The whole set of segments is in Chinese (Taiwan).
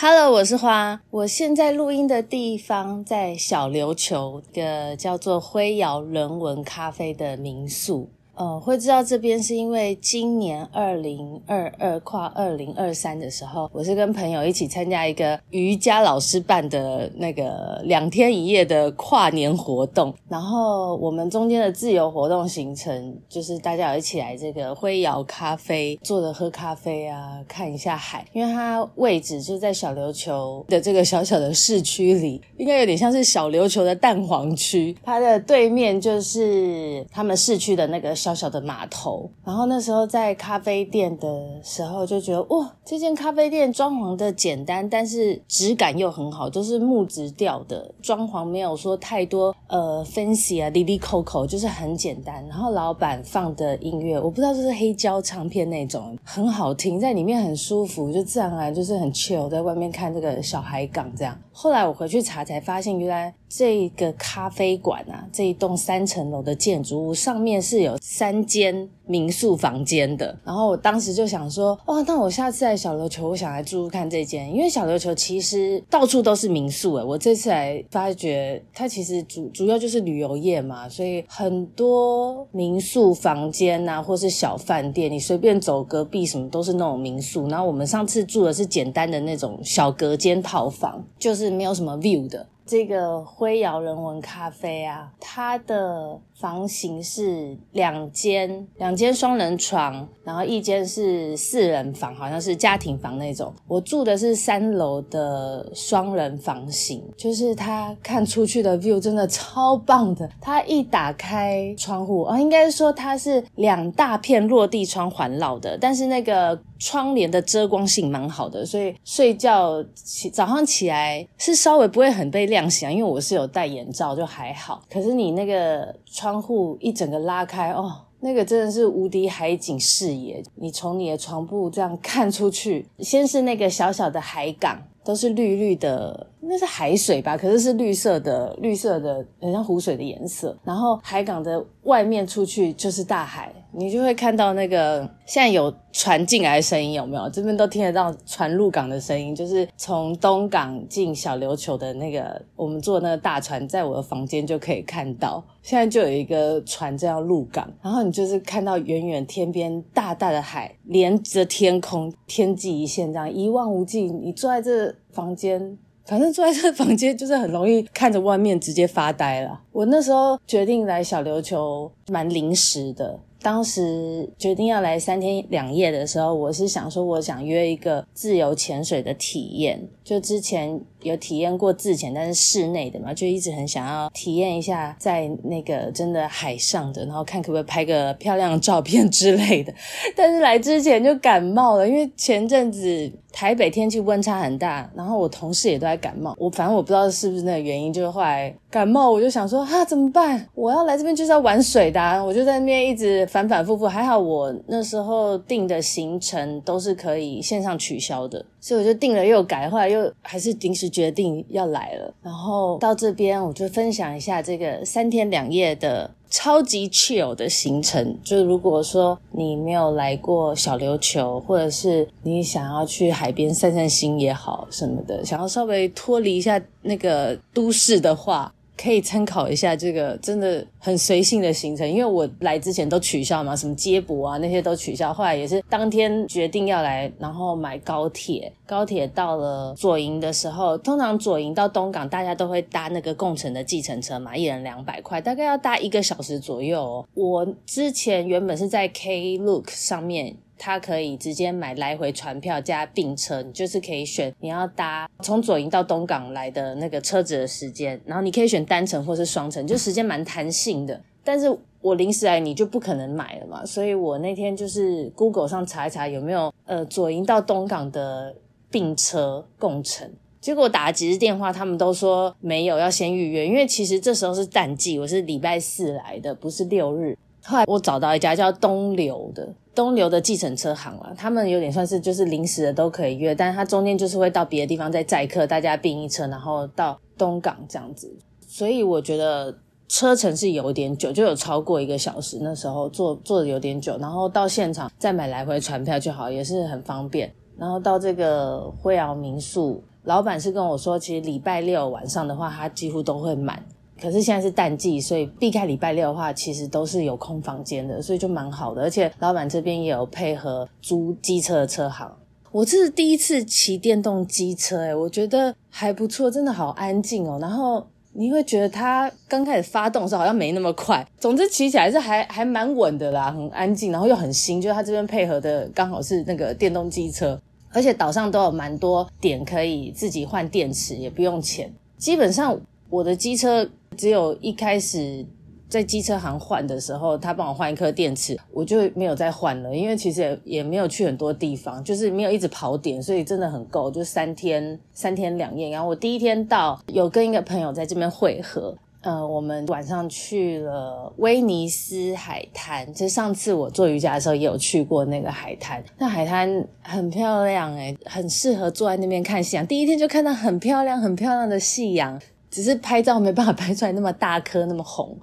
Hello，我是花。我現在錄音的地方在小琉球的叫做灰窯人文咖啡的民宿。呃、哦，會知道這邊是因為今年二零二二跨二零二三的時候，我是跟朋友一起參加一個瑜伽老師辦的那個兩天一夜的跨年活動，然後我們中間的自由活動行程就是大家有一起來這個灰窯咖啡坐着喝咖啡啊，看一下海，因為它位置就在小琉球的這個小小的市區裡，應該有點像是小琉球的蛋黃區，它的對面就是他們市區的那個小。小小的碼頭，然後那時候在咖啡店的時候就覺得，哇、哦，這間咖啡店裝潢的簡單，但是質感又很好，都是木質調的，裝潢沒有說太多呃，fancy 啊，哩哩叩叩，就是很簡單。然後老板放的音樂，我不知道這是黑膠唱片那種，很好聽，在裡面很舒服，就自然而然就是很 chill，在外面看這個小海港這樣。後來我回去查才發現，原來這一個咖啡館啊，這一棟三層樓的建築物上面是有。三間民宿房間的，然後我當時就想說，哇、哦，那我下次來小琉球，我想來住住看這間，因為小琉球其實到處都是民宿誒，我這次來發覺，它其實主主要就是旅遊業嘛，所以很多民宿房間啊，或是小飯店，你隨便走隔壁什麼都是那種民宿。然後我們上次住的是簡單的那種小隔間套房，就是沒有什麼 view 的。這個灰窯人文咖啡啊，它的。房型是兩間，兩間雙人床，然後一間是四人房，好像是家庭房那種。我住的是三樓的雙人房型，就是他看出去的 view 真的超棒的。他一打開窗戶，啊、哦，應該說他是兩大片落地窗環繞的，但是那個窗簾的遮光性蠻好的，所以睡覺起早上起來是稍微不會很被亮醒，因為我是有戴眼罩就還好。可是你那個窗。窗戶一整個拉開，哦，那個真的是無敵海景視野。你從你的床鋪這樣看出去，先是那個小小的海港，都是綠綠的。那是海水吧，可是是綠色的，綠色的，很像湖水的顏色。然後海港的外面出去就是大海，你就會看到那個現在有船進來的聲音，有沒有？這邊都聽得到船入港的聲音，就是從東港進小琉球的那個，我們坐那個大船，在我的房間就可以看到。現在就有一個船這樣入港，然後你就是看到遠遠天邊大大的海連着天空，天際一線這樣一望無際。你坐在這房間。反正坐在這個房間，就是很容易看着外面直接發呆了。我那時候決定來小琉球，蠻臨時的。當時決定要來三天兩夜的時候，我是想說，我想約一個自由潛水的體驗。就之前有體驗過自潛，但是室內的嘛，就一直很想要體驗一下在那個真的海上的，然後看可不可以拍個漂亮的照片之類的。但是來之前就感冒了，因為前陣子台北天氣溫差很大，然後我同事也都在感冒。我反正我不知道是不是那個原因，就是後來感冒，我就想說啊，怎麼辦？我要來這邊就是要玩水的啊，我就在那邊一直反反复复。還好我那時候訂的行程都是可以線上取消的，所以我就訂了又改，後來又。就還是臨時決定要來了，然後到這邊我就分享一下這個三天兩夜的超級 chill 的行程。就如果說你沒有來過小琉球，或者是你想要去海邊散散心也好，什麼的，想要稍微脫離一下那個都市的話。可以參考一下這個真的很隨性的行程，因為我來之前都取消嘛，什麼接駁啊那些都取消。後來也是當天決定要來，然後買高鐵，高鐵到了左營的時候，通常左營到東港大家都會搭那個共乘的計程車嘛，一人兩百塊，大概要搭一個小時左右。我之前原本是在 Klook 上面。他可以直接買來回船票加併車，你就是可以選你要搭從左營到東港來的那個車子的時間，然後你可以選單程或是雙程，就時間蠻彈性的。但是我臨時來，你就不可能買了嘛，所以我那天就是 Google 上查一查有沒有呃左營到東港的併車共乘，結果打了幾次電話，他們都說沒有，要先預約。因為其實這時候是淡季，我是禮拜四來的，不是六日。後來我找到一家叫東琉的。東琉的計程車行了、啊，他們有點算是就是臨時的都可以約，但是他中間就是會到別的地方再載客，大家拼一車，然後到東港這樣子。所以我覺得車程是有點久，就有超過一個小時。那時候坐坐的有點久，然後到現場再買來回船票就好，也是很方便。然後到這個灰窯民宿，老闆是跟我說，其實禮拜六晚上的話，他幾乎都會滿。可是現在是淡季，所以避開禮拜六的話，其實都是有空房間的，所以就蠻好的。而且老闆這邊也有配合租機車的車行。我這是第一次騎電動機車，欸，誒，我覺得還不錯，真的好安靜哦。然後你會覺得它剛開始發動的時候好像沒那麼快，總之騎起來是還還蠻穩的啦，很安靜，然後又很新。就是它這邊配合的剛好是那個電動機車，而且島上都有蠻多點可以自己換電池，也不用錢。基本上我的機車。只有一開始在機車行換的時候，他幫我換一顆電池，我就沒有再換了，因為其實也也沒有去很多地方，就是沒有一直跑點，所以真的很夠，就三天三天兩夜。然後我第一天到，有跟一個朋友在這邊會合，呃，我們晚上去了威尼斯海灘，就上次我做瑜伽的時候也有去過那個海灘，那海灘很漂亮欸，很適合坐在那邊看夕陽。第一天就看到很漂亮，很漂亮的夕陽。只是拍照沒辦法拍出來那麼大顆那麼紅，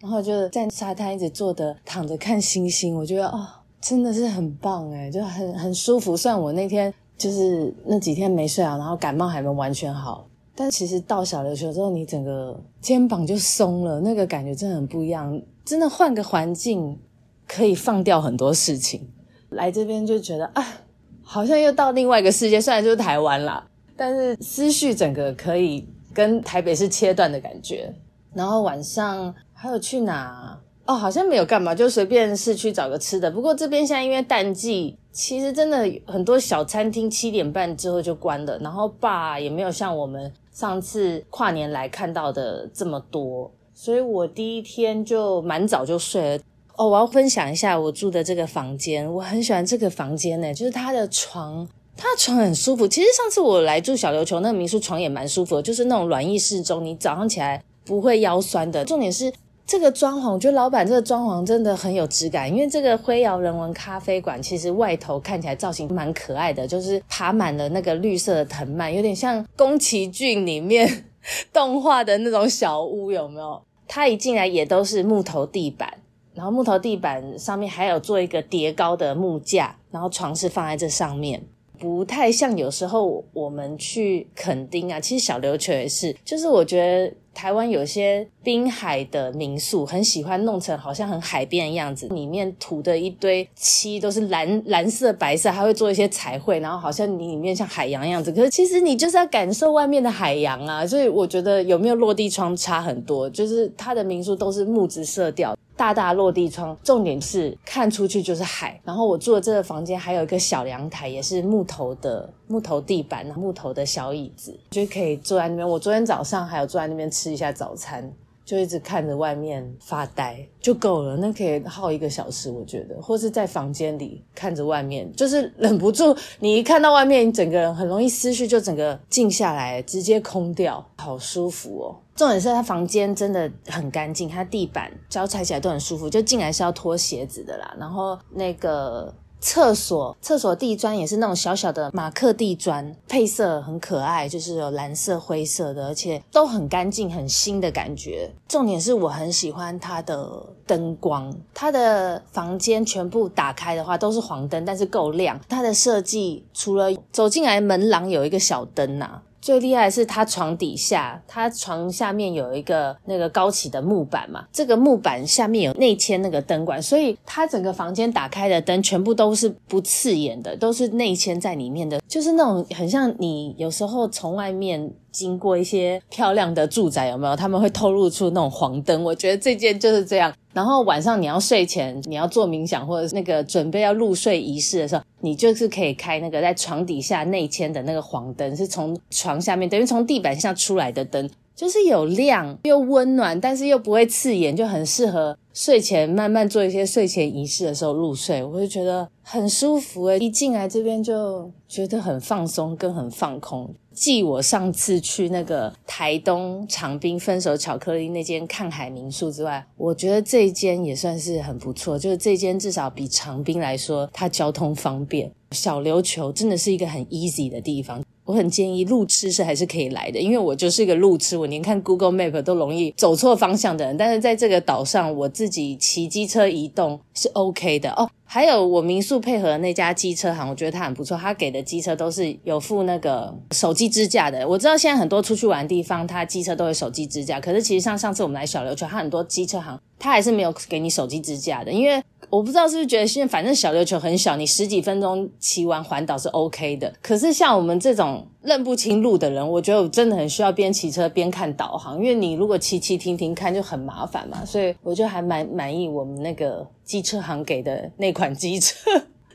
然後就在沙灘一直坐着躺着看星星，我覺得啊，哦，真的是很棒哎，就很很舒服。雖然我那天就是那幾天沒睡好，啊，然後感冒還沒完全好，但其實到小琉球之後，你整個肩膀就鬆了，那個感覺真的很不一樣。真的換個環境可以放掉很多事情。來這邊就覺得啊，好像又到另外一個世界，雖然就是台灣啦，但是思緒整個可以。跟台北是切斷的感覺，然後晚上還有去哪？哦，好像沒有幹嘛，就隨便是去找個吃的。不過這邊現在因為淡季，其實真的很多小餐廳七點半之後就關了，然後吧也沒有像我們上次跨年來看到的這麼多，所以我第一天就蠻早就睡了。哦，我要分享一下我住的這個房間，我很喜歡這個房間呢，就是它的床。他的床很舒服，其實上次我來住小琉球那個民宿床也蠻舒服的，就是那種軟硬適中，你早上起來不會腰酸的。重點是這個裝潢，我覺得老闆這個裝潢真的很有質感，因為這個灰窯人文咖啡館其實外頭看起來造型蠻可愛的，就是爬滿了那個綠色的藤蔓，有點像宮崎駿裡面 動畫的那種小屋，有沒有？它一進來也都是木頭地板，然後木頭地板上面還有做一個疊高的木架，然後床是放在這上面。不太像，有時候我們去墾丁啊，其實小琉球也是。就是我覺得台灣有些濱海的民宿，很喜歡弄成好像很海邊的樣子，裡面塗的一堆漆都是藍藍色、白色，還會做一些彩繪，然後好像你裡面像海洋樣子。可是其實你就是要感受外面的海洋啊，所以我覺得有沒有落地窗差很多。就是它的民宿都是木質色調。大大落地窗，重點是看出去就是海。然後我住的這個房間還有一個小陽台，也是木頭的，木頭地板，木頭的小椅子，就可以坐在那邊。我昨天早上還有坐在那邊吃一下早餐。就一直看着外面發呆就夠了，那可以耗一個小時，我覺得，或是在房間裡看着外面，就是忍不住，你一看到外面，你整個人很容易思緒就整個靜下來，直接空掉，好舒服哦。重點是他房間真的很乾淨，他地板腳踩起來都很舒服，就進來是要脫鞋子的啦，然後那個。廁所廁所地磚也是那種小小的馬克地磚，配色很可愛，就是有藍色、灰色的，而且都很乾淨，很新的感覺。重點是我很喜歡它的燈光，它的房間全部打開的話都是黃燈，但是夠亮。它的設計除了走進來門廊有一個小燈吶啊，最厲害的是，他床底下，他床下面有一個那個高起的木板嘛，這個木板下面有內嵌那個燈管，所以他整個房間打開的燈全部都是不刺眼的，都是內嵌在裡面的，就是那種很像你有時候從外面經過一些漂亮的住宅有沒有？他們會透露出那種黃燈，我覺得這件就是這樣。然後晚上你要睡前，你要做冥想或者那個準備要入睡儀式的時候，你就是可以開那個在床底下內嵌的那個黃燈，是從床下面，等於從地板上出來的燈，就是有亮又溫暖，但是又不會刺眼，就很適合。睡前慢慢做一些睡前儀式的時候入睡，我就覺得很舒服哎！一進來這邊就覺得很放鬆跟很放空。繼我上次去那個台東長濱分手巧克力那間看海民宿之外，我覺得這一間也算是很不錯。就是這間至少比長濱來說，它交通方便。小琉球真的是一個很 easy 的地方，我很建議路痴是還是可以來的，因為我就是一個路痴，我連看 Google Map 都容易走錯方向的人。但是在這個島上，我。自己騎機車移動是 OK 的哦。Oh. 還有我民宿配合的那家機車行，我覺得他很不錯。他給的機車都是有附那個手機支架的。我知道現在很多出去玩的地方，他機車都有手機支架。可是其實像上次我們來小琉球，他很多機車行他還是沒有給你手機支架的。因為我不知道是不是覺得現在反正小琉球很小，你十幾分鐘騎完環島是 OK 的。可是像我們這種認不清路的人，我覺得我真的很需要邊騎車邊看導航。因為你如果騎騎停停看就很麻煩嘛。所以我就還蠻滿意我們那個。機車行給的那款機車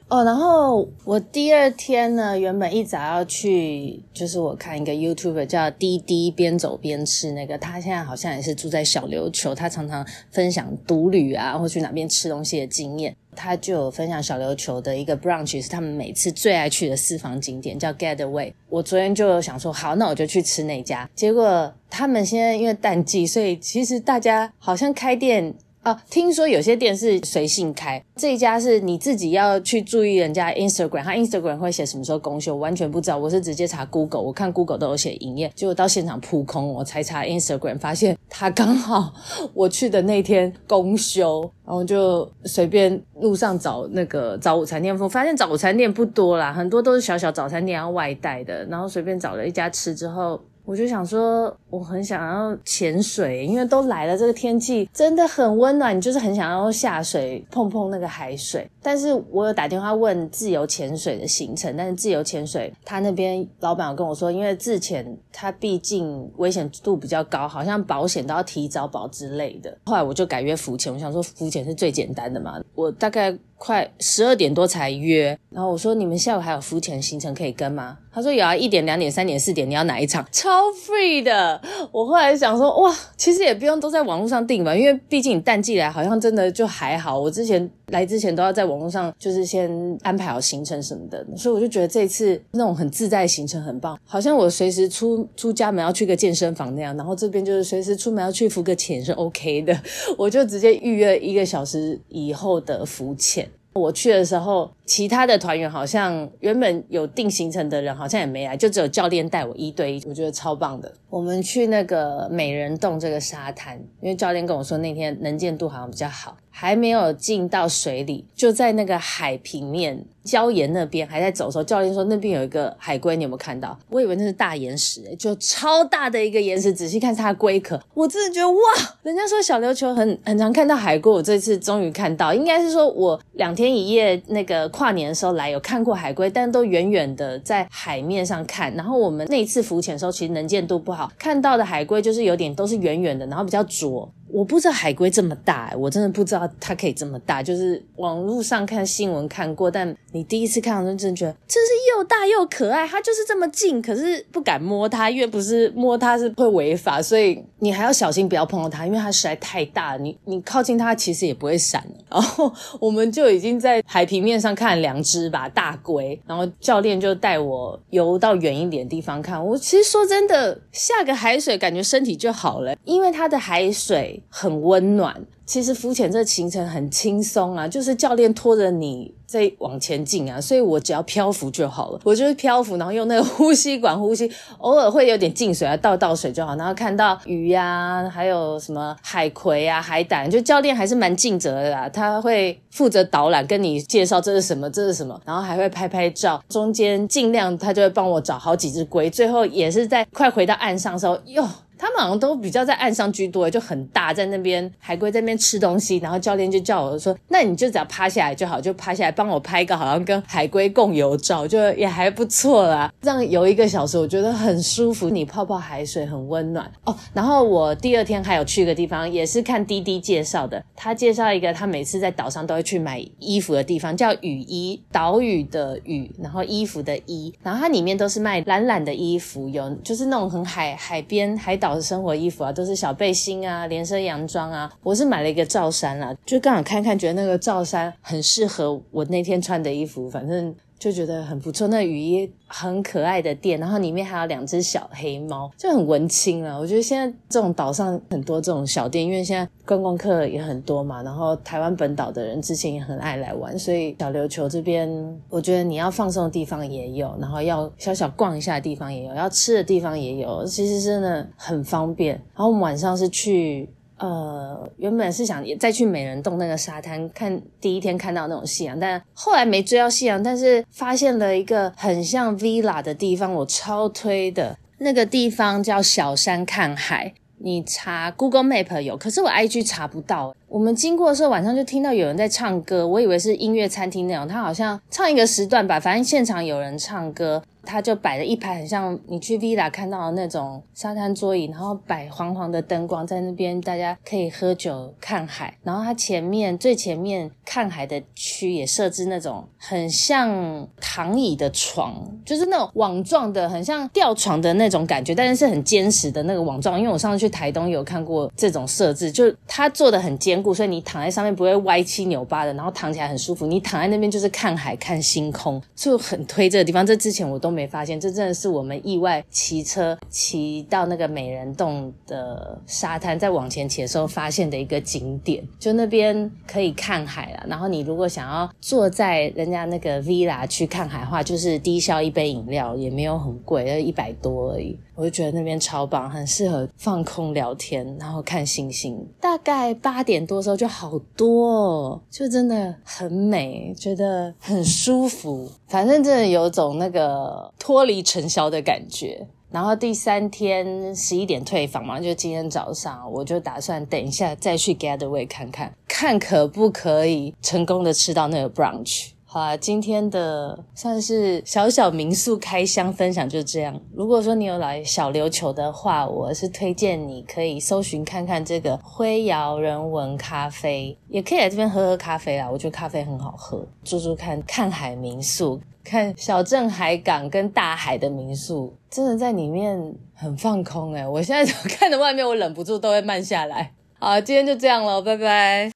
哦， oh, 然後我第二天呢，原本一早要去，就是我看一個 YouTuber 叫滴滴，邊走邊吃那個，他現在好像也是住在小琉球，他常常分享獨旅啊或去哪邊吃東西的經驗，他就有分享小琉球的一個 brunch 是他們每次最愛去的私房景點叫 Getaway，我昨天就有想說，好，那我就去吃那家，結果他們現在因為淡季，所以其實大家好像開店。啊，聽說有些店是隨性開，這一家是你自己要去注意人家 Instagram，他 Instagram 會寫什麼時候公休，我完全不知道，我是直接查 Google，我看 Google 都有寫營業，結果到現場撲空，我才查 Instagram，發現他剛好我去的那天公休，然後就隨便路上找那個找早午餐店，發現早午餐店不多啦，很多都是小小早餐店要外帶的，然後隨便找了一家吃之後。我就想說，我很想要潛水，因為都來了，這個天氣真的很溫暖，你就是很想要下水碰碰那個海水。但是我有打電話問自由潛水的行程，但是自由潛水他那邊老闆有跟我說，因為自潛他畢竟危險度比較高，好像保險都要提早保之類的。後來我就改約浮潛，我想說浮潛是最簡單的嘛，我大概。快十二點多才約，然後我說你們下午還有浮潛行程可以跟嗎？他說有啊，一點、兩點、三點、四點，你要哪一場？超 free 的。我後來想說，哇，其實也不用都在網絡上訂吧，因為畢竟淡季來好像真的就還好。我之前。來之前都要在網絡上就是先安排好行程什麼的，所以我就覺得這次那種很自在的行程很棒，好像我隨時出出家門要去個健身房那樣，然後這邊就是隨時出門要去浮個潛是 OK 的，我就直接預約一個小時以後的浮潛。我去的時候，其他的團員好像原本有定行程的人好像也沒來，就只有教練帶我一對一，我覺得超棒的。我們去那個美人洞這個沙灘，因為教練跟我說那天能見度好像比較好。還沒有進到水裡，就在那個海平面礁岩那邊還在走的時候，教練說那邊有一個海龜，你有沒有看到？我以為那是大岩石，欸，就超大的一個岩石。仔細看它的龜殼，我真的覺得哇！人家說小琉球很很常看到海龜，我這次終於看到。應該是說我兩天一夜那個跨年的時候來有看過海龜，但都遠遠的在海面上看。然後我們那一次浮潛的時候，其實能見度不好，看到的海龜就是有點都是遠遠的，然後比較濁。我不知道海龜這麼大，我真的不知道它可以這麼大。就是網絡上看新聞看過，但你第一次看到，真覺得真是又大又可愛。它就是這麼近，可是不敢摸它，因為不是摸它是會違法，所以你還要小心不要碰到它，因為它實在太大。你你靠近它其實也不會閃。然後我們就已經在海平面上看了兩隻吧，大龜，然後教練就帶我游到遠一點的地方看。我其實說真的，下個海水感覺身體就好了，因為它的海水，很溫暖，其實浮潛這個行程很輕鬆啊，就是教練拖着你在往前進啊，所以我只要漂浮就好了，我就是漂浮，然後用那個呼吸管呼吸，偶爾會有點進水啊，倒倒水就好，然後看到魚呀，還有什麼海葵啊、海膽，就教練還是蠻盡責的啦，他會負責導覽，跟你介紹這是什麼，這是什麼，然後還會拍拍照，中間盡量他就會幫我找好幾隻龜，最後也是在快回到岸上的時候，喲。他們好像都比較在岸上居多，就很大在那邊海龜在那邊吃東西，然後教練就叫我說：“那你就只要趴下來就好，就趴下來幫我拍一個好像跟海龜共游照，就也還不錯啦。”這樣游一個小時，我覺得很舒服，你泡泡海水很溫暖哦。然後我第二天還有去一個地方，也是看滴滴介紹的，他介紹一個他每次在島上都會去買衣服的地方，叫嶼衣，島嶼的嶼，然後衣服的衣，然後它裡面都是賣藍藍的衣服，有就是那種很海海邊海島。小生活衣服啊，都是小背心啊，連身洋裝啊。我是買了一個罩衫啦、啊、就剛好看看，覺得那個罩衫很適合我那天穿的衣服，反正。就覺得很不錯，那個、嶼衣很可愛的店，然後裡面還有兩隻小黑貓，就很文青了。我覺得現在這種島上很多這種小店，因為現在觀光客也很多嘛，然後台灣本島的人之前也很愛來玩，所以小琉球這邊，我覺得你要放鬆的地方也有，然後要小小逛一下的地方也有，要吃的地方也有，其實真的很方便。然後我們晚上是去。呃，原本是想再去美人洞那個沙灘，看第一天看到那種夕陽，但後來沒追到夕陽，但是發現了一個很像 Villa 的地方，我超推的。那個地方叫小山看海，你查 Google Map 有，可是我 IG 查不到。我們經過的時候，晚上就聽到有人在唱歌，我以為是音樂餐廳那種。他好像唱一個時段吧，反正現場有人唱歌，他就擺了一排很像你去 villa 看到的那種沙灘桌椅，然後擺黃黃的燈光在那邊，大家可以喝酒看海。然後他前面最前面看海的區也設置那種很像躺椅的床，就是那種網狀的，很像吊床的那種感覺，但是是很堅實的那個網狀。因為我上次去台東有看過這種設置，就他做的很堅。所以你躺在上面不會歪七扭八的，然後躺起來很舒服。你躺在那邊就是看海、看星空，就很推這個地方。這之前我都沒發現，這真的是我們意外騎車騎到那個美人洞的沙灘，再往前騎的時候發現的一個景點。就那邊可以看海啦。然後你如果想要坐在人家那個 Villa 去看海的話，就是低消一杯飲料也沒有很貴，要一百多而已。我就覺得那邊超棒，很適合放空聊天，然後看星星。大概八點多時候就好多，哦，就真的很美，覺得很舒服。反正真的有種那個脫離塵囂的感覺。然後第三天十一點退房嘛，就今天早上我就打算等一下再去 Getaway 看看，看可不可以成功的吃到那個 brunch。好啊，今天的算是小小民宿開箱分享就這樣。如果說你有來小琉球的話，我是推薦你可以搜尋看看這個灰窯人文咖啡，也可以來這邊喝喝咖啡啦。我覺得咖啡很好喝，住住看看海民宿，看小鎮海港跟大海的民宿，真的在裡面很放空哎、欸。我現在看着外面，我忍不住都會慢下來。好啊，今天就這樣咯，拜拜。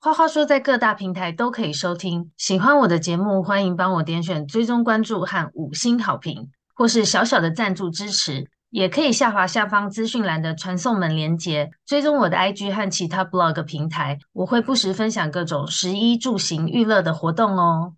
花花說，在各大平台都可以收聽。喜歡我的節目，歡迎幫我點選追蹤關注和五星好評，或是小小的贊助支持，也可以下滑下方資訊欄的傳送門連結，追蹤我的 IG 和其他 blog 平台。我會不時分享各種食衣住行娛樂的活動哦。